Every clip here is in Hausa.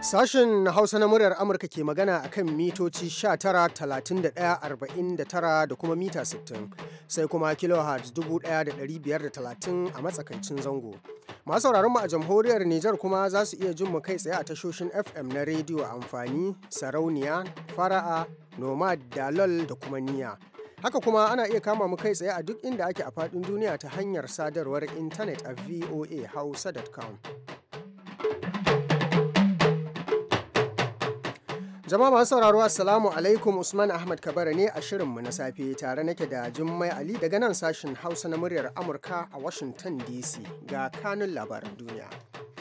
Sashen Hausa na muryar Amurka ke magana a kan mitoci 19,31,49 da kuma mita 60 sai kuma kilohertz 1,530 a matsakancin zango. Masu sauraron mu a jamhuriyar Nijar kuma za su iya jin mu kai tsaye a tashoshin FM na rediyo amfani, sarauniya, fara'a, nomad, dalol da kuma niya. Haka kuma ana iya kama mu kai tsaye a duk inda ake a faɗin duniya ta hanyar sadarwar intanet a voahausa.com. Jama'a masu sauraro Assalamu alaikum Usman Ahmad Kabara ne a shirin mu na safe tare nake da Jummai Ali daga nan sashin Hausa na muryar Amurka a Washington DC ga kanun labaran duniya.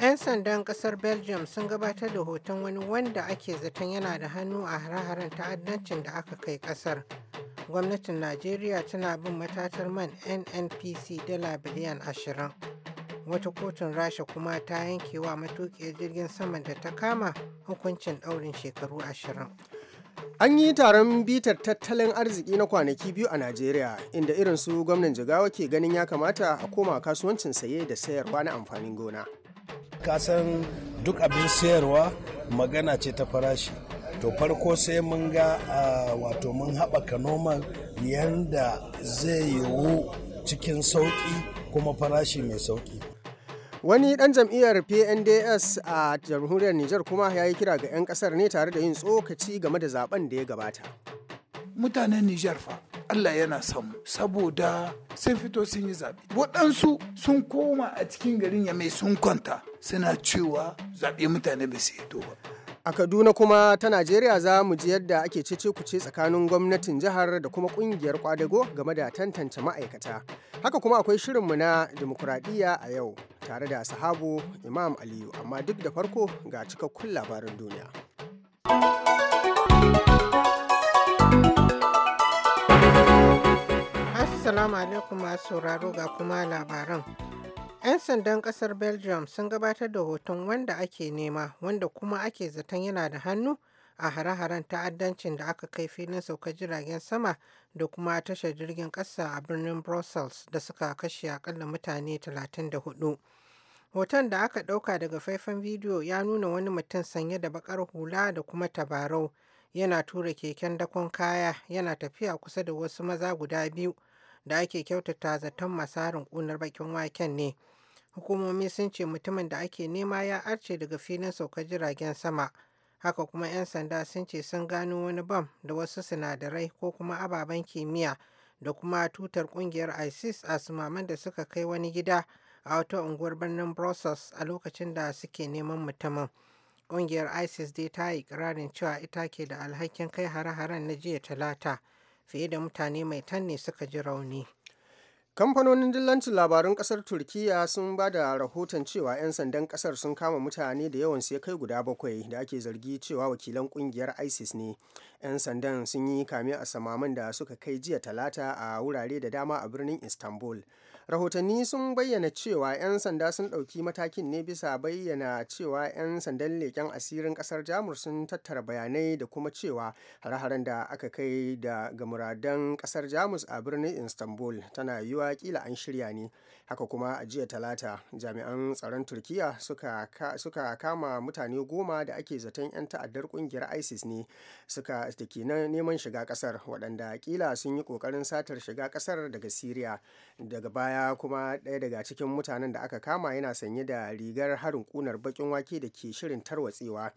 'Yan sandan kasar Belgium sun gabatar da hoton wani wanda ake zaton yana da hannu a hare-haren ta'addancin da aka kai kasar. gwamnatin Najeriya tana bin matatar man NNPC dala biliyan 20. Wata kotun Rasha kuma ta yanke wa matukiyar jirgin saman da ta kama hukuncin ɗaurin shekaru 20. An yi taron bitar tattalin arziki na kwanaki biyu a Najeriya, inda irin su gwamnan Jigawa ke ganin ya kamata a koma kasuwancin saye da sayarwa na amfanin gona. Kasan duk abin sayarwa magana ce ta farashi. to farko sai mun ga wato mun haɓaka noman yadda zai yiwu cikin sauƙi kuma farashi mai sauƙi wani ɗan jam'iyyar pnds a jamhuriyar niger kuma ya yi kira ga 'yan ƙasar ne tare da yin tsokaci game da zaben da ya gabata mutanen niger fa allah yana samu saboda sun fito sun yi zaɓe waɗansu sun koma a cikin garin ya mai sun kwanta suna cewa zaɓe mutane ba su yi to ba A Kaduna kuma ta Najeriya za mu ji yadda ake cece kuce tsakanin gwamnatin jihar da kuma kungiyar kwadago game da tantance ma'aikata. Haka kuma akwai shirinmu na demokuraɗiyya a yau tare da sahabu Imam Aliyu amma duk da farko ga cikakkun labarin duniya. Assalamu alaikum masu sauraro ga kuma labaran. 'Yan sandan kasar Belgium sun gabatar da hoton wanda ake nema wanda kuma ake zaton yana da hannu a hare-haren ta'addancin da aka kai filin saukar jiragen sama da kuma tashar jirgin ƙasa a birnin Brussels da suka kashe akalla mutane 34. Hoton da aka ɗauka daga faifan bidiyo ya nuna wani mutum sanye da bakar hula da kuma tabarau yana tura keken dakon kaya yana tafiya kusa da wasu maza guda biyu da ake kyautata zaton masarin harin ƙunar bakin waken ne. hukumomi sun ce mutumin da ake nema ya arce daga filin saukar jiragen sama haka kuma 'yan sanda sun ce sun gano wani bam da wasu sinadarai ko kuma ababen kimiyya da kuma tutar kungiyar isis a sumaman da suka kai wani gida a wata unguwar birnin brussels a lokacin da suke neman mutumin kungiyar isis dai ta yi kirarin cewa ita ke da alhakin kai hare-haren na jiya talata fiye da mutane mai tanne suka ji rauni kamfanonin dillancin labarun kasar turkiya sun ba da rahoton cewa 'yan sandan kasar sun kama mutane da yawan sai kai guda bakwai da ake zargi cewa wakilan kungiyar isis ne 'yan sandan sun yi kame a samaman da suka kai jiya talata a wurare da dama a birnin istanbul rahotanni sun bayyana cewa 'yan sanda sun ɗauki matakin ne bisa bayyana cewa 'yan sandan leƙen asirin ƙasar jamus sun tattara bayanai da kuma cewa hare-haren da aka kai da gamuradan muradan ƙasar jamus a birnin istanbul tana yiwa kila an shirya ne haka kuma a jiya talata jami'an tsaron turkiya suka, kama mutane goma da ake zaton 'yan ta'addar ƙungiyar isis ne suka da ke neman shiga ƙasar waɗanda kila sun yi ƙoƙarin satar shiga ƙasar daga siriya daga baya baya kuma ɗaya daga cikin mutanen da aka kama yana sanye da rigar harin kunar bakin wake da ke shirin tarwatsewa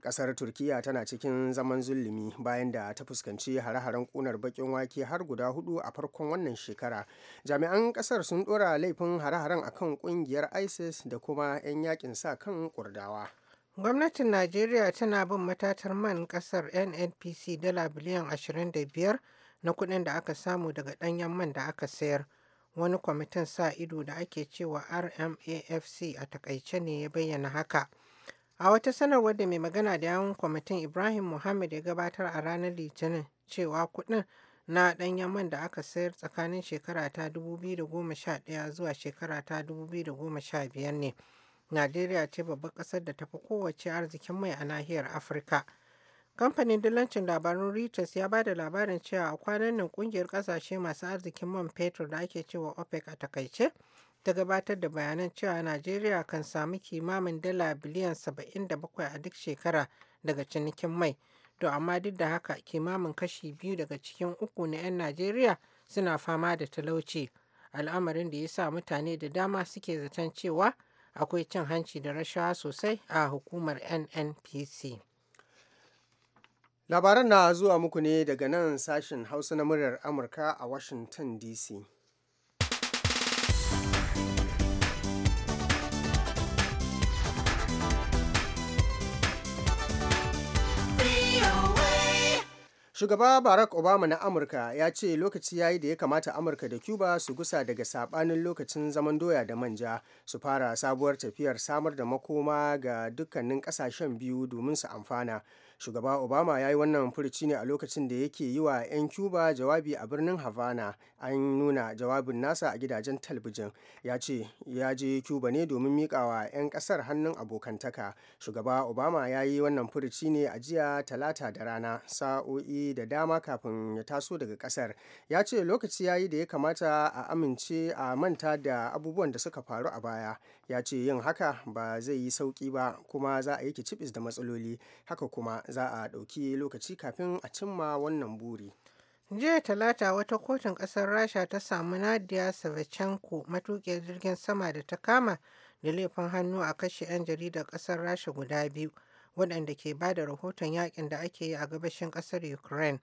ƙasar turkiya tana cikin zaman zulumi bayan da ta fuskanci hare-haren kunar bakin wake har guda hudu a farkon wannan shekara jami'an ƙasar sun ɗora laifin hare-haren kan ƙungiyar isis da kuma 'yan yakin sa kan kurdawa gwamnatin najeriya tana bin matatar man ƙasar nnpc dala biliyan ashirin da biyar na kuɗin da aka samu daga ɗanyen man da aka sayar wani kwamitin sa ido da ake cewa rmafc a takaice ne ya bayyana haka a wata sanarwar da mai magana da yawun kwamitin ibrahim muhammad ya gabatar a ranar litinin cewa kudin na dan yaman da aka sayar tsakanin shekara ta 2011 zuwa shekara ta 2015 ne najeriya ce babbar ƙasar da tafi kowace arzikin mai a nahiyar afirka Kamfanin dillancin labarun Reuters ya ba da labarin cewa a kwanan nan kungiyar kasashe masu arzikin man fetur da ake cewa OPEC a takaice ta gabatar da bayanan cewa Najeriya kan samu kimamin dala biliyan 77 a duk shekara daga cinikin mai. To amma duk da haka kimamin kashi biyu daga cikin uku na 'yan Najeriya suna fama da talauci. Al'amarin da ya sa mutane da dama suke zaton cewa akwai cin hanci da rashawa sosai a hukumar NNPC. labaran na zuwa muku ne daga nan sashen hausa na muryar amurka a washington dc shugaba barack obama na amurka ya ce lokaci ya yi da ya kamata amurka da cuba su gusa daga sabanin lokacin zaman doya da manja su fara sabuwar tafiyar samar da makoma ga dukkanin kasashen biyu domin su amfana shugaba obama ya yi wannan furuci ne a lokacin da yake yi wa 'yan cuba jawabi a birnin havana an nuna jawabin nasa a gidajen talabijin ya ce ya je cuba ne domin miƙawa 'yan ƙasar hannun abokantaka shugaba obama ya yi wannan furuci ne a jiya talata da rana sa'o'i da dama kafin ya taso daga ƙasar ya ce lokaci ya yi da ya kamata a amince a manta da abubuwan da suka faru a baya ya ce yin haka ba zai yi sauki ba kuma za a yi cibis da matsaloli haka kuma za a ɗauki lokaci kafin a cimma wannan buri. jiya talata wata kotun ƙasar rasha ta samu nadia savchenko matuƙiyar jirgin sama da ta kama da laifin hannu a kashe 'yan jaridar ƙasar rasha guda biyu waɗanda ke ba da rahoton yakin da ake yi a gabashin ƙasar ukraine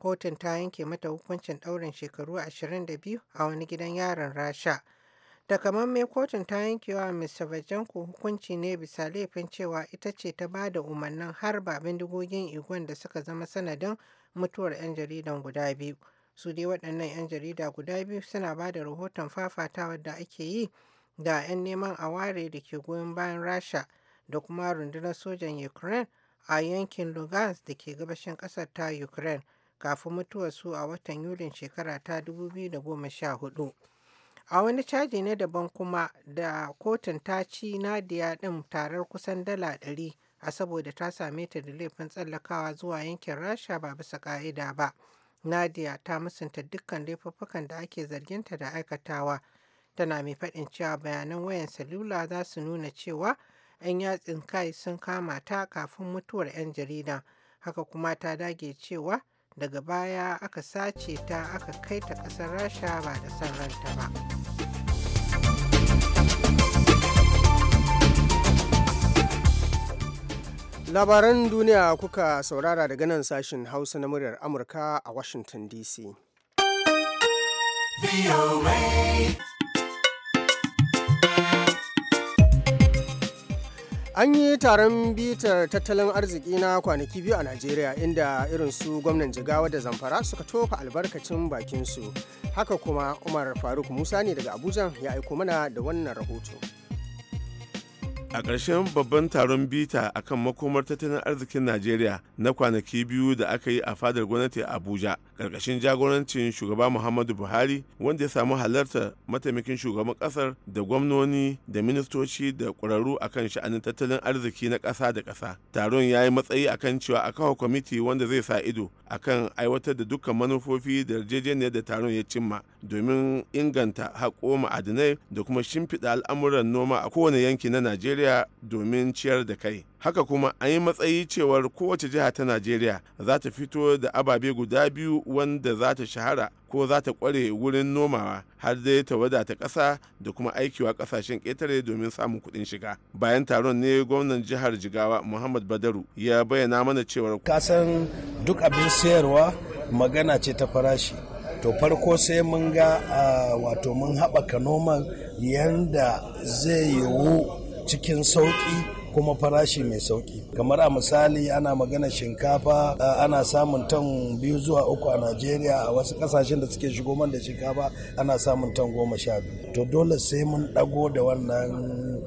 kotun ta yanke mata hukuncin ɗaurin shekaru 22 a wani gidan yaron rasha takamamme kotun ta yankewa ms savajenko hukunci ne bisa laifin cewa ita ce ta ba da umarnin harba bindigogin igon da suka zama sanadin mutuwar 'yan jaridan guda biyu. Su dai waɗannan 'yan jarida guda biyu suna ba da rahoton fafatawa da ake yi da 'yan neman a ware da ke goyon bayan Rasha da kuma rundunar sojan Ukraine a yankin Lugansk da ke gabashin ƙasar ta Ukraine kafin mutuwar su a watan Yulin shekara ta 2014. A wani caji na daban kuma da kotun ta ci Nadia ɗin tarar kusan dala ɗari. a saboda ta same ta da laifin tsallakawa zuwa yankin rasha ba bisa ka'ida ba nadia ta musanta dukkan laifuffukan da ake zarginta da aikatawa tana mai faɗin cewa bayanan wayan salula za su nuna cewa 'yan yatsin kai sun kama ta kafin mutuwar 'yan jarida haka kuma ta dage cewa daga baya aka sace ta aka kai ta ƙasar rasha ba da son ranta ba. labaran duniya kuka saurara daga nan sashen hausa na muryar amurka a washington dc an yi taron bitar tattalin arziki na kwanaki biyu a najeriya inda irin su gwamnan jigawa da zamfara suka tofa albarkacin bakinsu haka kuma umar faruk musa ne daga abuja ya aiko mana da wannan rahoto a ƙarshen babban taron bita akan makomar tattalin arzikin najeriya na kwanaki biyu da aka yi a fadar gwamnati a abuja ƙarƙashin jagorancin shugaba muhammadu buhari wanda ya samu halartar mataimakin shugaban ƙasar da gwamnoni da ministoci da ƙwararru akan sha'anin tattalin arziki na ƙasa da ƙasa taron ya yi matsayi akan cewa a kawo kwamiti wanda zai sa ido a kan aiwatar da dukkan manufofi da yarjejeniyar da taron ya cimma domin inganta haƙo ma'adinai da kuma shimfiɗa al'amuran noma a kowane yanki na najeriya najeriya domin ciyar da kai haka kuma an yi matsayi cewar kowace jiha ta najeriya za ta fito da ababe guda biyu wanda za ta shahara ko za ta kware wurin nomawa har dai ta wadata ƙasa da kuma aikiwa kasashen ƙetare domin samun kuɗin shiga bayan taron ne gwamnan jihar jigawa muhammad badaru ya bayyana mana cewar kasan duk abin sayarwa magana ce ta farashi to farko sai mun ga ah, wato mun haɓaka noman yanda zai yiwu cikin sauƙi kuma farashi mai sauki kamar a misali ana magana shinkafa ana samun tan biyu zuwa uku a najeriya a wasu kasashen da suke shigo man da shinkafa ana samun tan goma sha biyu to dole sai mun ɗago da wannan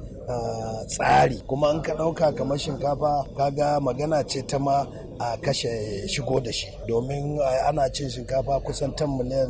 tsari kuma in ka ɗauka kamar shinkafa kaga magana ce ta ma a kashe shigo da shi domin ana cin shinkafa kusan tan miliyan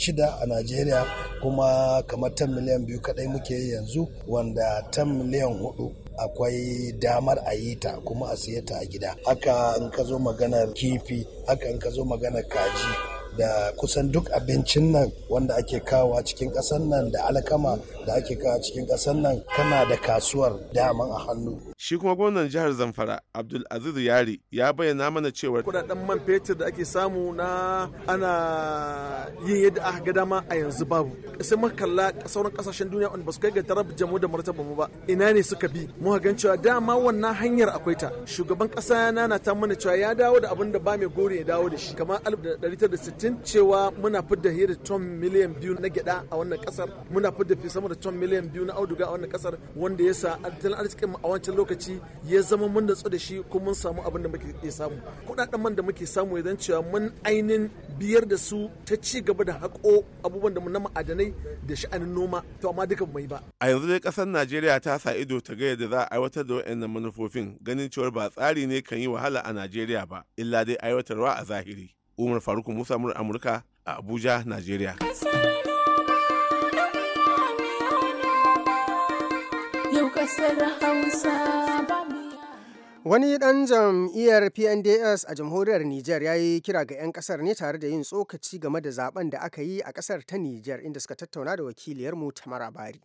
shida a Najeriya kuma kamar 10 miliyan biyu kadai muke yi yanzu wanda tan miliyan hudu akwai damar a yi ta kuma a siya ta a gida haka in ka zo maganar kifi haka in ka zo maganar kaji da kusan duk abincin nan wanda ake kawo cikin ƙasar nan da alkama da ake kawo cikin ƙasar nan kana da kasuwar daman a hannu shi kuma gwamnan jihar zamfara abdul abdulaziz yari ya bayyana mana cewa kudaden man fetur da ake samu na ana yin yadda aka ga dama a yanzu babu sai muka kalla sauran kasashen duniya wanda ba su kai ga tarab jamu da martaba mu ba ina ne suka bi muka gan cewa dama wannan hanyar akwai ta shugaban kasa na ta mana cewa ya dawo da abin da ba mai gore ya dawo da shi kamar alif da da dari sittin cewa muna fidda hira ton miliyan biyu na gyada a wannan kasar muna fidda fi sama da ton miliyan biyu na auduga a wannan kasar wanda ya sa tattalin arzikin a wancan lokacin lokaci ya zama mun natsu da shi kuma mun samu abin da muke iya samu kuɗaɗen man da muke samu idan cewa mun ainin biyar da su ta ci gaba da haƙo abubuwan da na ma'adanai da sha'anin noma to amma duka mai ba a yanzu dai kasar najeriya ta sa ido ta ga yadda za a aiwatar da waɗannan manufofin ganin cewa ba tsari ne kan yi wahala a najeriya ba illa dai aiwatarwa a zahiri umar faruk musa mura amurka a abuja najeriya Wani ɗan jam'iyyar PNDS a jamhuriyar Nijar ya yi kira ga 'yan ƙasar ne tare da yin tsokaci game da zaben da aka yi a ƙasar ta Nijar inda suka tattauna da wakiliyarmu Tamara Bari.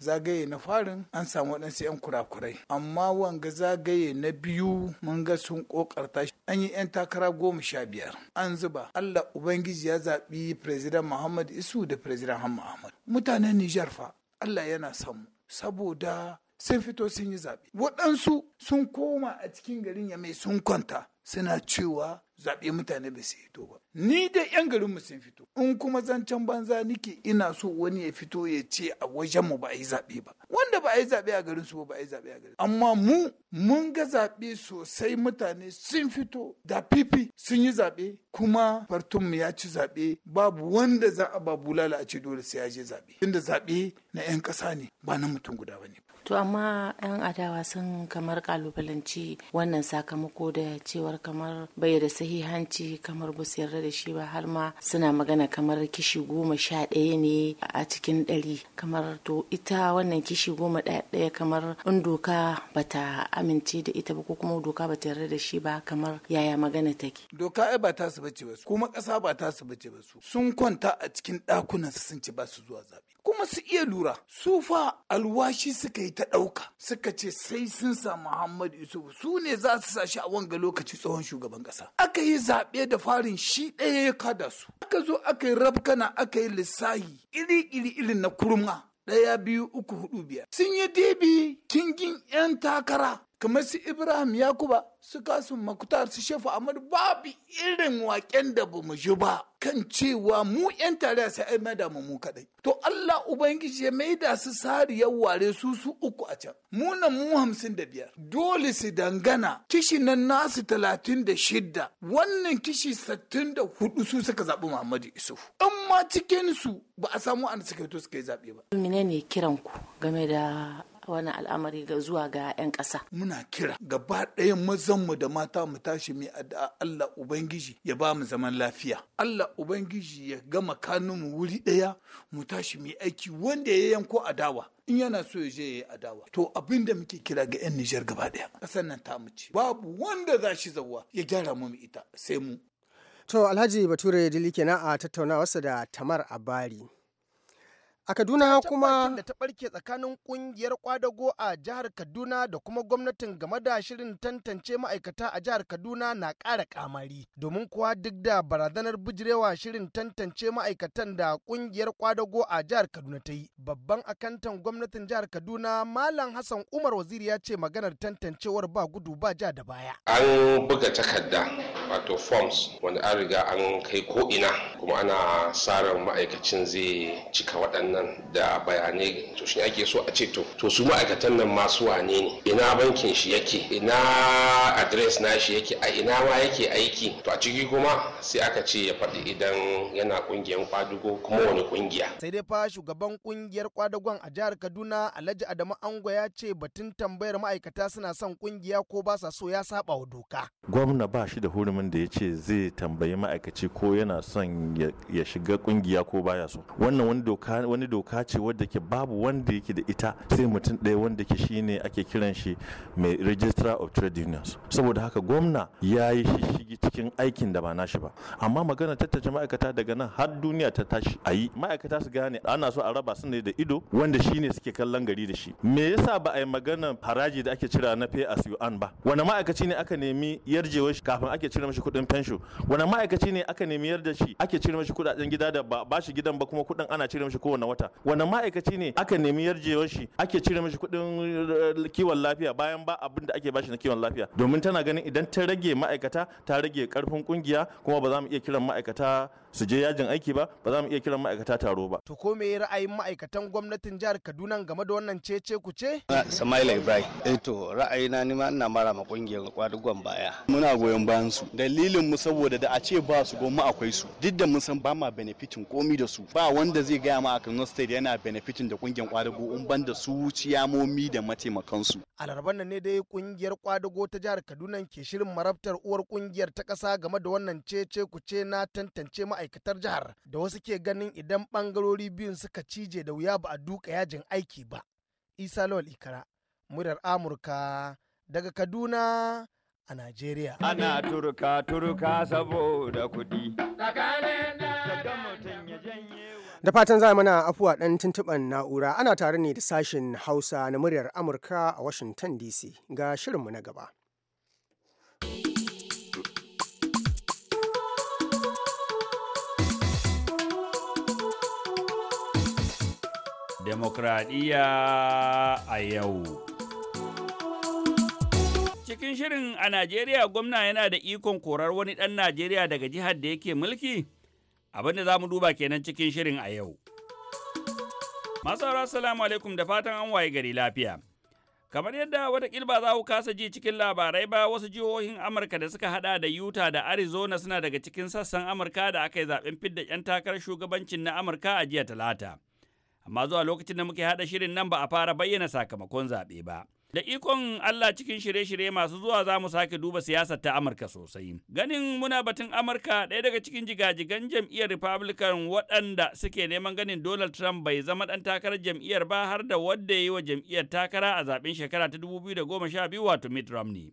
zagaye na farin an samu waɗansu 'yan kurakurai amma wanga zagaye na biyu mun ga sun shi. an yi 'yan takara goma sha biyar an zuba allah ubangiji ya zaɓi Firezidan muhammad isu da Firezidan hamma ahmad mutanen nijar fa allah yana samu. saboda sun fito sun yi zaɓe waɗansu sun koma a cikin garin ya mai sun kwanta suna cewa zaɓe mutane ba su fito ba. Ni da 'yan mu sun fito, in kuma zancen banza nike ina so wani ya fito ya ce a mu ba a yi zaɓe ba. Wanda ba a yi zaɓe a garinsu ba ba a yi zaɓe a garin. Amma mu mun ga zaɓe sosai mutane sun fito da fifi sun yi zaɓe kuma mu ya ci zaɓe babu wanda za a ba bulala a ce dole sai ya je zaɓe. Tunda zaɓe na 'yan ƙasa ne ba na mutum guda ba ne. To amma 'yan adawa sun kamar kalubalanci wannan sakamako da cewar kamar bai da sahihanci kamar ba yarda da shi ba har ma suna magana kamar kishi goma sha ɗaya ne a cikin ɗari kamar to ita wannan kishi goma ɗaya kamar in doka bata amince da ita ba ko kuma doka bata yarda da shi ba kamar yaya magana take. Doka ai ba ta su bace ba su kuma ƙasa ba ta su bace ba su sun kwanta a cikin ɗakunan sun ci ba su zuwa zaɓe. kuma su iya lura su fa alwashi suka yi ta ɗauka suka ce sai sun sa Muhammadu Yusuf su ne za su sa shi a wanga lokaci tsohon shugaban ƙasa aka yi zaɓe da farin shi ɗaya ya kada su aka zo aka yi rabkana aka yi lissahi iri iri irin na kurma ɗaya biyu uku hudu biyar sun yi dibi kingin 'yan takara kamar su ibrahim yakuba su kasu makutar su shafa amma babu irin waken da ba mu ji ba kan cewa mu 'yan tare sai ai mai mu mu kadai to Allah ubangiji ya mai da su Sari ya ware su su uku a can mu nan mu hamsin da biyar dole su dangana kishi nan nasu talatin da shidda wannan kishi sattin da hudu su suka zaɓi Muhammadu Isufu in ma cikin su ba a samu an suka to suka yi zaɓe ba. Menene kiran ku game da mika wannan al'amari ga zuwa ga 'yan ƙasa. Muna kira gaba ɗaya mu da mata mu tashi mai addu'a Allah Ubangiji ya ba mu zaman lafiya. Allah Ubangiji ya gama mu wuri ɗaya mu tashi mai aiki wanda ya yanko adawa. in yana so ya je ya yi adawa to abin da muke kira ga 'yan Nijar gaba ɗaya ƙasar nan ta mace babu wanda za shi zawa ya gyara mu ita sai mu to alhaji bature dili kenan a tattaunawarsa da tamar abari A Kaduna kuma da ta barke tsakanin kungiyar kwadago a jihar Kaduna da kuma gwamnatin game da shirin tantance ma'aikata a jihar Kaduna na ƙara kamari. Domin kuwa duk da barazanar bijirewa shirin tantance ma'aikatan da kungiyar kwadago a jihar Kaduna ta yi. Babban akantan gwamnatin jihar Kaduna Malam Hassan Umar Waziri ya ce maganar tantancewar ba gudu ba ja da baya. An buga takarda wato forms wanda an riga an kai ko ina kuma ana sa ma'aikacin zai cika waɗannan nan da bayanai to shi ake so a ce to to su ma'aikatan nan masu wane ne ina bankin shi yake ina adres na shi yake a ina ma yake aiki to a ciki kuma sai aka ce ya faɗi idan yana kungiyar kwadugo kuma wani kungiya sai dai fa shugaban ƙungiyar kwadagon a jihar kaduna alhaji adamu ango ya ce batun tambayar ma'aikata suna son kungiya ko ba sa so ya saba wa doka. gwamna ba shi da hurumin da ya ce zai tambayi ma'aikaci ko yana son ya shiga ƙungiya ko baya so wannan wani doka wani doka ce wadda ke babu wanda yake da ita sai mutum ɗaya wanda ke shi ne ake kiran shi mai registrar of trade unions saboda haka gwamna ya yi shishigi cikin aikin da ba nashi ba amma magana tattace ma'aikata daga nan har duniya ta tashi a yi ma'aikata su gane ana so a raba su ne da ido wanda shi ne suke kallon gari da shi me yasa ba a yi magana haraji da ake cira na pay as you earn ba wani ma'aikaci ne aka nemi yarjewar shi kafin ake cire mashi kuɗin fensho wani ma'aikaci ne aka nemi yarda shi ake cire mashi kuɗaɗen gida da ba shi gidan ba kuma kuɗin ana cire mashi kowane wata wannan ma'aikaci ne aka nemi yarjewar shi ake cire mishi kuɗin eh, kiwon lafiya bayan ba abin da ake bashi na kiwon lafiya domin tana ganin idan ta rage ma'aikata ta rage karfin kungiya kuma ba za mu iya kiran ma'aikata su je yajin aiki ba ba za mu iya kiran ma'aikata taro ba. To ko me ra'ayin ma'aikatan gwamnatin jihar Kaduna game da wannan cece ku ce? Samaila Ibrahim. Eh to ra'ayina ni ma ina mara ma kungiyar kwadugon baya. Muna goyon bayan su. Dalilin mu saboda da a ce ba su goma akwai su. Duk da mun san ba ma benefitin komi da su. Ba wanda zai gaya ma a Kano State yana benefitin da kungiyar kwadugo in ban da su ciyamomi da mataimakan su. A nan ne dai kungiyar kwadugo ta jihar Kaduna ke shirin marabtar uwar kungiyar ta kasa game da wannan cece ku ce na tantance ma ma'aikatar jihar da wasu ke ganin idan bangarori biyun suka cije da wuya ba a duka yajin aiki ba. Isa Lawal Ikara, murar Amurka daga Kaduna a Najeriya. Ana turka turka saboda kuɗi. Da fatan za mana afuwa ɗan tuntuɓan na'ura ana tare ne da sashen Hausa na muryar Amurka a Washington DC ga shirinmu na gaba. demokradiyya a yau. Cikin shirin a Najeriya gwamna yana da ikon korar wani ɗan Najeriya daga jihar da yake mulki? Abin da za mu duba kenan cikin shirin a yau. Masu salamu alaikum da fatan an waye gari lafiya. Kamar yadda watakil ba za ku kasa ji cikin labarai ba wasu jihohin Amurka da suka hada da Utah da Arizona suna daga cikin sassan Amurka da aka yi zaben fidda 'yan takarar shugabancin na Amurka a jiya Talata. amma zuwa lokacin da muke haɗa shirin nan ba a fara bayyana sakamakon zaɓe ba. Da ikon Allah cikin shirye-shirye masu zuwa za mu sake duba siyasar ta Amurka sosai. Ganin muna batun Amurka ɗaya daga cikin jigajigan jam'iyyar Republican waɗanda suke neman ganin Donald Trump bai zama ɗan takarar jam'iyyar ba har da wadda ya yi wa jam'iyyar takara a zaben shekara ta 2012 wato Mitt Romney.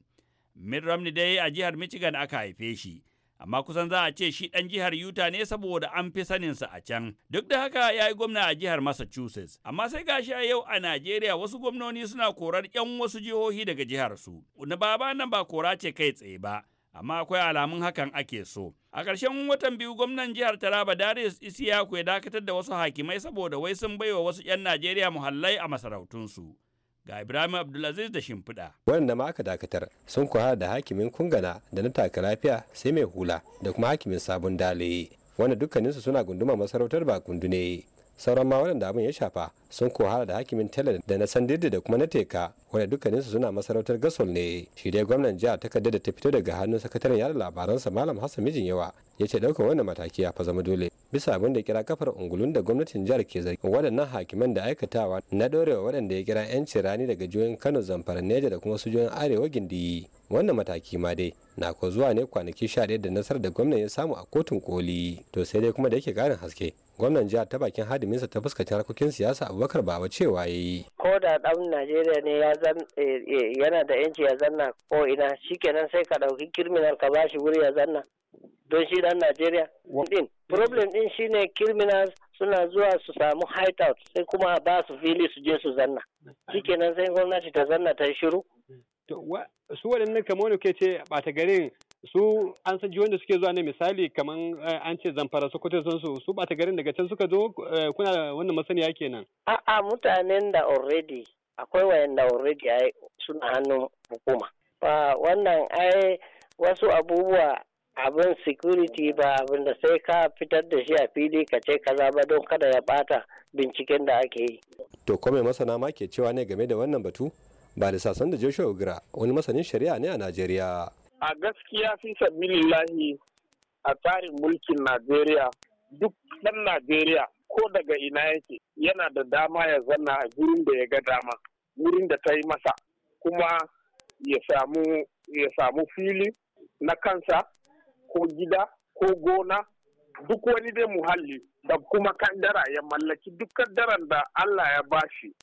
Mitt Romney dai a jihar Michigan aka haife shi. amma kusan za a ce shi ɗan jihar Utah ne saboda an fi saninsa a can. Duk da haka ya yi gwamna a jihar Massachusetts, amma sai gashi a yau a Najeriya wasu gwamnoni suna korar 'yan wasu jihohi daga jiharsu. Na baba nan ba kora ce kai tsaye ba, amma akwai alamun hakan ake so. A ƙarshen watan biyu gwamnan jihar Taraba Darius Isiyaku ya dakatar da wasu hakimai saboda wai sun baiwa wasu 'yan Najeriya muhallai a masarautunsu. ga ibrahim abdulaziz da shimfiɗa wannan ma aka dakatar sun kuwa da hakimin kungana da na taka lafiya sai mai hula da kuma hakimin sabon dalaye wanda dukkaninsu suna gunduma masarautar ba ne sauran ma waɗanda abin ya shafa sun kohara da hakimin tela da na sandirdi da kuma na teka wadda dukkaninsu suna masarautar gasol ne shi dai gwamnan jihar takardar da ta fito daga hannun sakataren yada labaransa malam hassan mijin yawa ya ce ɗaukar wannan mataki ya fa zama dole bisa abin da kira kafar ungulun da gwamnatin jihar ke zargi waɗannan hakiman da aikatawa na ɗorewa waɗanda ya kira 'yancin rani daga jihohin kano zamfara neja da kuma su sujoyin arewa gindiyi wannan mataki ma dai na ko zuwa ne kwanaki sha ɗaya da nasarar da gwamnan ya samu a kotun koli to sai dai kuma da yake ƙarin haske gwamnan jihar ta bakin hadiminsa ta fuskacin harkokin siyasa abubakar baba cewa ya yi ko da dan najeriya ne eh, eh, yana da yanci ya zanna ko ina shikenan sai ka ɗauki kirminal ka bashi wuri ya zanna don shi ɗan najeriya din problem din shine criminals suna zuwa su samu hideout sai kuma ba su fili su je su zanna shikenan sai gwamnati ta zanna ta shiru su waɗannan kamar wani ke ce ɓata garin su an san jihohin da suke zuwa ne misali kamar eh, an ce zamfara sokoto sun su su bata garin daga can suka zo eh, kuna wannan masaniya kenan a'a mutanen da already akwai da already ai suna hannun hukuma ba wannan ai wasu abubuwa abin security ba abin da sai ka fitar da shi a fili ka ce kaza ba don kada ya bata binciken da ake yi to kome masana ma ke cewa ne game da wannan batu ba da sasan da joshua Ogira, wani masanin shari'a ne a najeriya a gaskiya fi lillahi a tsarin mulkin najeriya duk ɗan najeriya ko daga ina yake yana da dama ya zanna a gurin da ya ga dama wurin da ta yi masa kuma ya samu ya fili na kansa ko gida ko gona duk wani dai muhalli da kuma dara ya mallaki duk kandaran da Allah ya bashi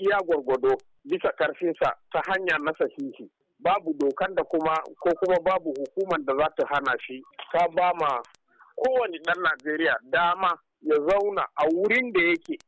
ya gwargwado bisa karfinsa ta hanya na sahihi babu dokan da kuma ko kuma babu hukumar da za ta hana shi ta ba ma kowane ɗan najeriya dama ya zauna a wurin da yake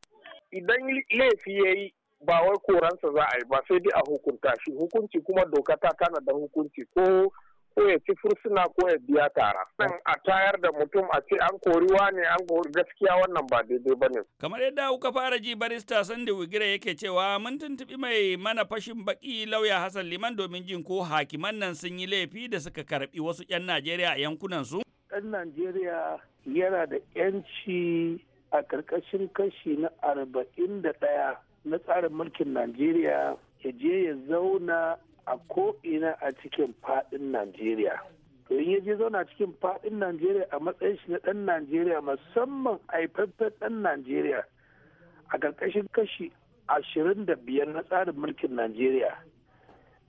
idan laifi ya yi ba wai koransa za a yi ba sai dai a hukunta shi hukunci kuma doka ta tana da hukunci ko ko ya suna fursuna biya tara Sun a tayar da mutum a ce an koriwa ne an kori gaskiya wannan ba daidai ba ne kamar yadda kuka fara ji barista sanda wigira yake cewa mun tuntuɓi mai mana fashin baƙi lauya hassan liman domin jin ko hakiman nan sun yi laifi da suka karɓi wasu 'yan najeriya a yankunan su ɗan najeriya yana da 'yanci a ƙarƙashin kashi na arba'in da ɗaya na tsarin mulkin najeriya ya je ya zauna a ko'ina a cikin fadin najeriya to in yaje zauna cikin fadin najeriya a matsayin shi na ɗan najeriya musamman haifaffen ɗan najeriya a ƙarƙashin kashi ashirin da biyar na tsarin mulkin najeriya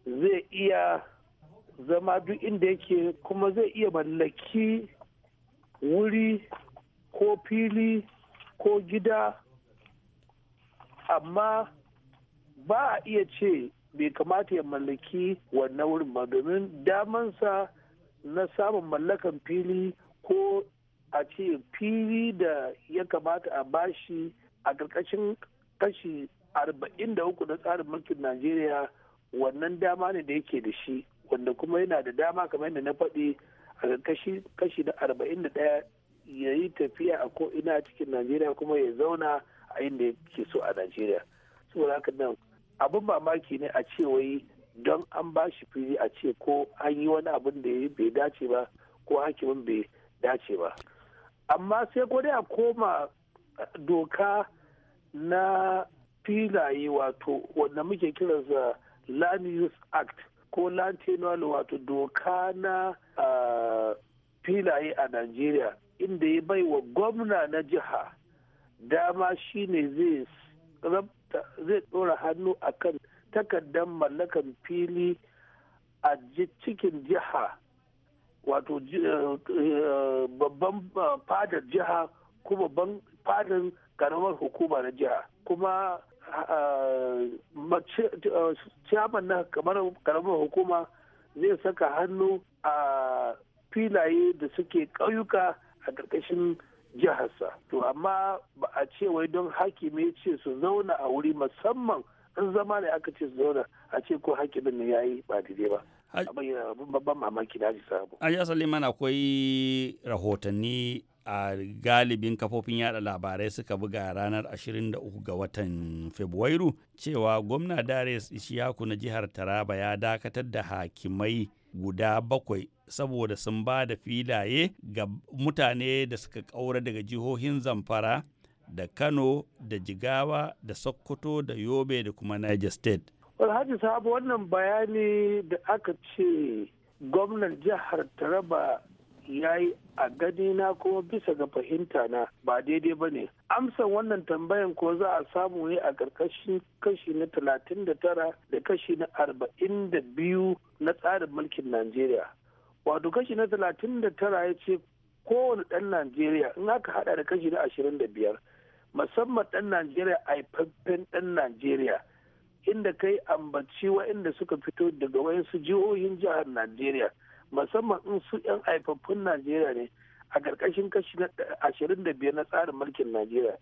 zai iya zama duk inda yake kuma zai iya mallaki wuri ko fili ko gida amma ba a iya ce bai kamata ya mallaki wannan wurin ba domin damansa na samun mallakan fili ko a ce fili da ya kamata a bashi a ƙarƙashin kashi 43 na tsarin mulkin najeriya wannan dama ne da yake da shi wanda kuma yana da dama kamar yadda na faɗi a ƙarƙashin kashi na 41 ya yi tafiya a ko ko'ina cikin najeriya kuma ya zauna a inda yake so a najeriya saboda haka nan abin mamaki ne a ce wai don an ba shi fili a ce ko an yi wani abin da ya bai dace ba ko hakimin bai dace ba amma sai ko dai a koma doka na filaye wato wanda muke kiransa land use act ko land tenure wato doka na filaye a nigeria inda ya bai wa gwamna na jiha dama shine zai zai ɗora hannu a kan takardar mallakar fili a cikin jiha wato eh, eh, babban eh, fadar jiha ko babban fadar karamar hukuma na jiha kuma ciyaman na karamar hukuma zai saka hannu a filaye da suke ƙauyuka a ƙarƙashin jiharsa to amma ba a ce wai don hakimi ya ce su zauna a wuri musamman in zama ne aka ce su zauna a ce ko hakimin ne ya yi ba daidai ba babban mamaki da ji samu a asali mana akwai rahotanni a galibin kafofin yada labarai suka buga ranar 23 ga watan Fabrairu cewa gwamna Dares Ishiyaku na jihar Taraba ya dakatar da hakimai guda bakwai saboda sun ba da filaye ga mutane da suka ƙaura daga jihohin zamfara da kano da jigawa da sokoto da yobe da kuma niger state alhaji sabu wannan bayani da aka ce gwamnan jihar taraba ya yi a gani na kuma bisa ga fahimta na ba daidai ba ne amsan wannan tambayan ko za a samu ne a ƙarƙashin kashi na talatin da tara da kashi na arba'in da biyu na tsarin mulkin najeriya wato kashi na talatin da tara ya ce kowane ɗan najeriya in aka haɗa da kashi na ashirin da biyar musamman ɗan najeriya haifaffen ɗan najeriya inda kai ambaci inda suka fito daga wayansu jihohin jihar najeriya musamman in su 'yan haifaffun najeriya ne a karkashin kashi na ashirin da biyar na tsarin mulkin najeriya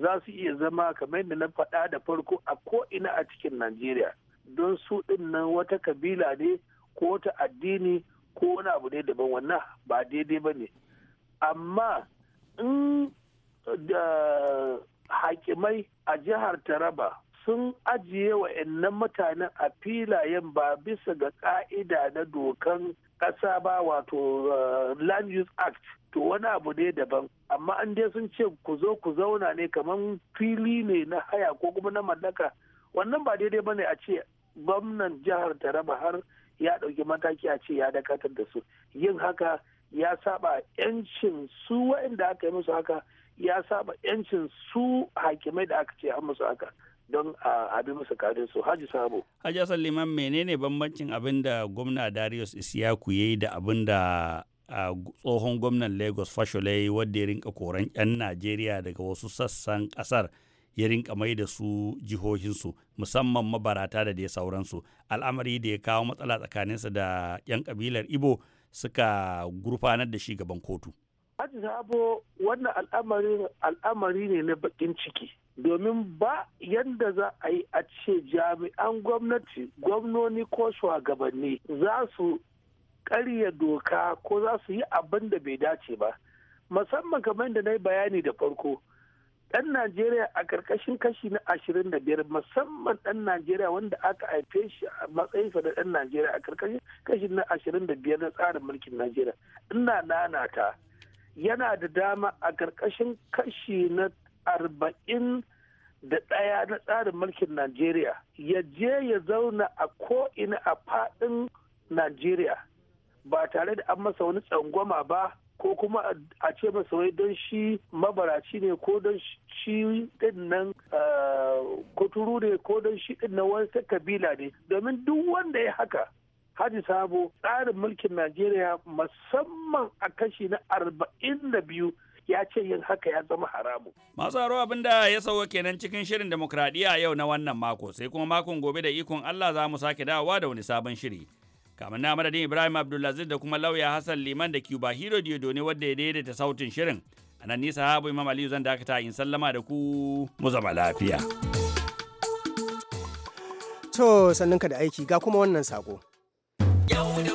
za su iya zama kamar yadda na faɗa da farko a ko'ina a cikin najeriya don su ɗin nan wata kabila ne ko wata addini ko wani abu ne daban wannan ba daidai ba ne amma in da hakimai a jihar taraba sun ajiye wa mutanen a filayen ba bisa ga ka'ida na dokan ƙasa ba wato eh, land use act to wani abu ne daban amma an dai sun ce ku zo ku zauna ne kamar fili ne na haya ko kuma na mallaka wannan ba daidai ba ne a ce gwamnan jihar taraba har ya ɗauki mataki a ce ya dakatar da su yin haka ya saba 'yancin su waɗanda aka yi musu haka ya saba 'yancin su hakimai da aka ce an musu haka don a bi musu karin su haji sabo haji asan liman menene bambancin abin da gwamna darius isiyaku ya yi da abin da tsohon gwamnan lagos yi wadda ya rinka koran 'yan najeriya daga wasu sassan kasar ya rinka mai da su jihohinsu musamman mabarata da dai sauransu al'amari da ya kawo matsala tsakaninsa da 'yan kabilar ibo suka gurfanar da shi gaban kotu. Haji Sabo wannan al'amari ne na bakin ciki domin ba yadda za a yi a ce jami'an gwamnati gwamnoni ko shugabanni za su karya doka ko za su yi abin da bai dace ba musamman kamar da na yi bayani da farko ɗan najeriya a ƙarƙashin kashi na ashirin da biyar musamman ɗan najeriya wanda aka haife shi a matsayinsa da ɗan najeriya a ƙarƙashin kashi na ashirin da biyar na tsarin mulkin najeriya ina nanata yana da dama a ƙarƙashin kashi na arba'in da ɗaya na tsarin mulkin Najeriya ya je ya zauna a ko'ina a faɗin Najeriya ba tare da an masa wani tsangwama ba ko kuma a ce masa wai don shi mabaraci ne ko don shi ɗin nan eh, kuturu ne ko don shi ɗin nan wani kabila ne domin duk wanda ya haka Haji Sabo tsarin mulkin Najeriya musamman a kashi na arba'in da biyu ya ce yin haka ya zama haramu. Masu haro abin da ya sauwa kenan cikin shirin demokradiyya yau na wannan mako sai kuma makon gobe da ikon Allah za mu sake dawowa da wani sabon shiri. Kamar na madadin Ibrahim Abdulaziz da kuma lauya Hassan Liman da Cuba Hero Diodo ne wadda ya daidaita sautin shirin. A nan nisa habu Imam Aliyu zan dakata in sallama da ku mu zama lafiya. To sannan ka da aiki ga kuma wannan sako. Yau da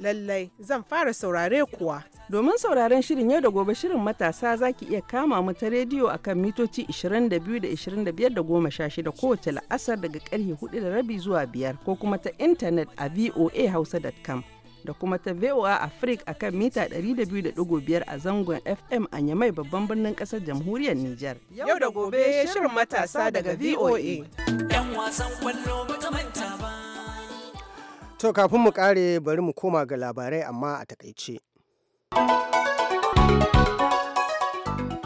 Lallai zan fara saurare kuwa. Domin sauraren shirin yau da gobe shirin matasa za ki iya kama mu ta rediyo a kan mitoci 22 25 16 kowace la'asar daga karhe 4 da rabi zuwa biyar ko kuma ta intanet a voahausa.com. da kuma ta VOA Africa a kan mita 200.5 a zangon FM a Nyamai babban birnin kasar jamhuriyar Nijar. Yau da gobe shirin matasa daga VOA. To kafin mu kare bari mu koma ga labarai amma a takaice.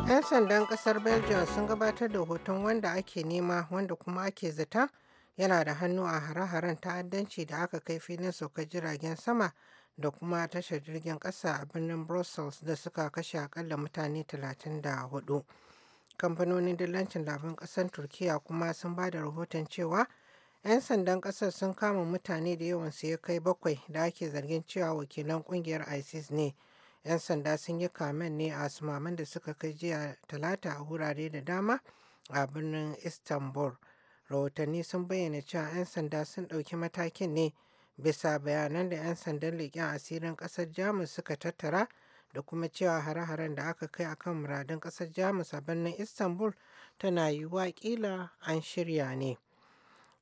'Yan sandan ƙasar Belgium sun gabatar da hoton wanda ake nema wanda kuma ake zata yana da hannu a hare-haren ta'addanci da aka kai filin saukar jiragen sama da kuma tashar jirgin ƙasa a birnin Brussels da suka kashe akalla mutane 34. Kamfanonin dillancin labin kasar Turkiya kuma sun ba da rahoton cewa 'Yan sandan ƙasar sun kama mutane da yawan su ya kai bakwai da ake zargin cewa wakilan ƙungiyar ISIS ne. 'Yan sanda sun yi kamen ne a sumaman da suka kai jiya talata a wurare da dama a birnin Istanbul. Rahotanni sun bayyana cewa 'yan sanda sun ɗauki matakin ne bisa bayanan da 'yan sandan leƙen asirin ƙasar Jamus suka tattara da kuma cewa hare-haren da aka kai akan muradun ƙasar Jamus a birnin Istanbul tana yiwuwa ƙila an shirya ne.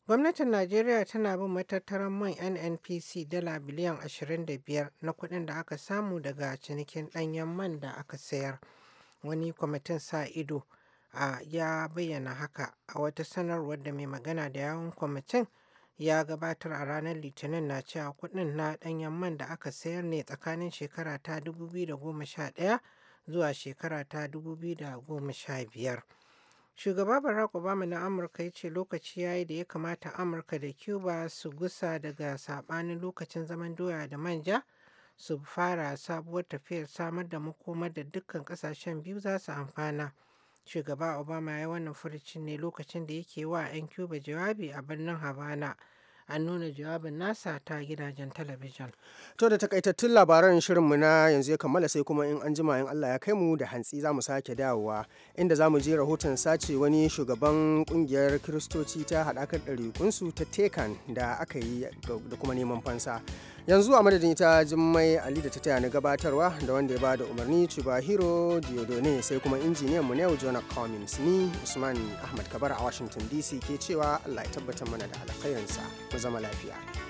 Gwamnatin Najeriya tana bin matattaran man NNPC dala biliyan 25 na kuɗin da aka samu daga cinikin ɗanyen man da aka sayar. Wani kwamitin sa ido a ya bayyana haka a wata sanarwar da mai magana da yawon kwamitin ya gabatar a ranar litinin na cewa kuɗin na ɗanyen man da aka sayar ne tsakanin shekara ta 2011 zuwa shekara ta 2015. Shugaba Barack Obama na Amurka ya ce lokaci ya yi da ya kamata Amurka da Cuba su gusa daga sabanin lokacin zaman doya da manja su fara sabuwar tafiyar samar da makomar da dukkan kasashen biyu za su amfana. Shugaba Obama ya yi wannan furucin ne lokacin da yake wa 'yan Cuba jawabi a birnin Havana. an nuna jawabin nasa ta gidajen talabijin. To da takaitattun labaran shirinmu na yanzu ya kammala sai kuma in an jima in Allah ya kai mu da hantsi za mu sake dawowa inda za mu je rahoton sace wani shugaban kungiyar Kiristoci ta haɗakar ɗarikunsu ta Tekan da aka yi da kuma neman fansa. yanzu a madadin ita jimmai ali da ta taya na gabatarwa da wanda ya bada umarni chubahiro diodone sai kuma injiniyan mu yau jonah cummins ni usman ahmad kabar a washington dc ke cewa allah ya tabbatar mana da alkhairinsa mu zama lafiya